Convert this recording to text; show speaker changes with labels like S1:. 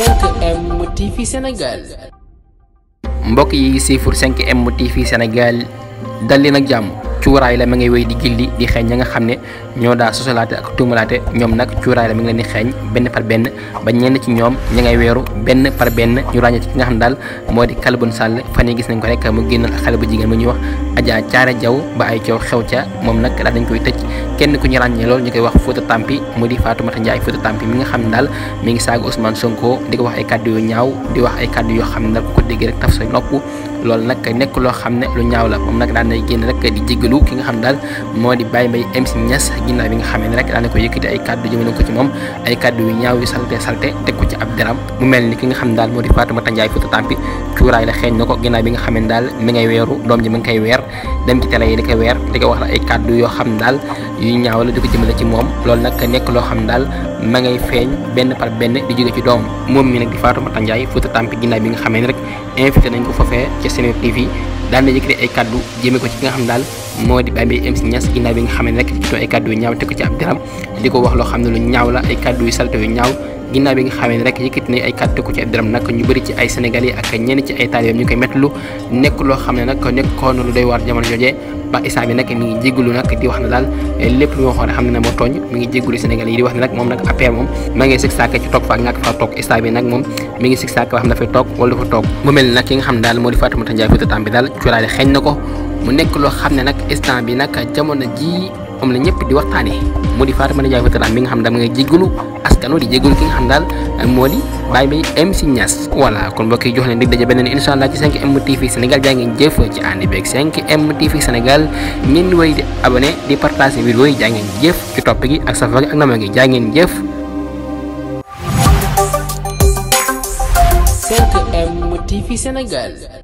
S1: 5M TV Sénégal. mbokk yi siifur 5M TV Sénégal dal leen ak jàmm. cuuraay la ma ngay wéy di gilli di xeeñ ña nga xam ne ñoo daa sosalaate ak tuumalaate ñoom nag cuuraay la mi ngi leen di xeeñ benn par benn ba ñenn ci ñoom ña ngay weeru benn par benn ñu ràññee ci ki nga xam ne daal moo di Kalbun Sall fan yi gis nañ ko rek mu génnal xale bu jigéen bu ñuy wax Adja Caare Jaw ba ay coow xew ca moom nag daal dañ koy tëj kenn ku ñu ràññee loolu ñu koy wax Fouta Tampi mu di Fatoumata Ndiaye Fouta Tampi mi nga xam ne daal mi ngi saaga Ousmane Sonko di ko wax ay kàddu yu ñaaw wax ay kàddu yoo xam ne daal ku ko dégg rek taf sa nopp loolu nag nekk loo xam ne lu ñaaw la moom nag daal nay génn rek di jégg jéggalu ki nga xam daal moo di Baye Mbaye MC Niass ginnaaw bi nga xam ne rek daana ko yëkkati ay kàddu jëmale ko ci moom ay kàddu yu ñaaw yu salte mu mel ni ki nga xam daal moo di Fatoumata Ndiaye Fouta Tampi cuuraay la xeeñ na ko ginnaaw ne daal mi ngay weeru doom ji mi ngi koy weer dem ci télé yi di koy weer di ko wax la ay kàddu yoo xam daal yu ñaaw la di ko jëmale ci moom loolu nag nekk loo xam daal ma ngay feeñ benn par benn di jóge ci doom moom mi nag di Fatoumata Ndiaye Fouta Tampi ginnaaw bi nga xam ne rek invité na ko foofee ca Sen daal na yëkkati ay kaddu jëmee ko ci nga xam daal moo di Baye Mbaye MC Niass ginnaaw bi nga xam ne rek ci ay kaddu yu ñaaw te ko ci ab deram di ko wax loo xam ne lu ñaaw la ay kaddu yu salte yu ñaaw ginnaaw bi nga xam ne rek yëkkati nañ ay kàddu ko ci ab dërëm nag ñu bëri ci ay sénégalais ak ñenn ci ay taalibeem ñu koy mettlu nekk loo xam ne nag nekkoon lu doy waar jamono jooje Pape Issa mi nag mi ngi jégalu nag di wax ne daal eh, lépp lu nga xam ne xam ne ne moo tooñ mi ngi jégalu Sénégal yi di wax ne nag moom nag APR moom ma ngi sig sàkk ci toog fa ak ñàkk faa toog Issa bi moom mi ngi sig sàkk ba xam ne dafay toog wala dafa toog mu mel nag ki nga xam ne daal moo di Fatoumata Ndiaye Fouta Tampi daal cuuraale xeeñ na ko mu nekk loo xam ne nag instant bi nag jamono ji moom la ñëpp di waxtaane mu di Fatoumata Ndiaye Fouta Tampi mi nga xam ne daal ma ngi jégalu askan wi di jégalu ki nga xam daal moo li Baye Mbaye MC Niass voilà kon mbokk yi jox leen dig daje beneen incha allah ci 5M TV Sénégal jaa ngeen jëf ci ànd beeg 5M TV Sénégal ngeen di di abonné di partager vidéo yi jaa ngeen jëf ci topp gi ak safa gi ak nama gi jaa ngeen jëf. 5M TV Sénégal.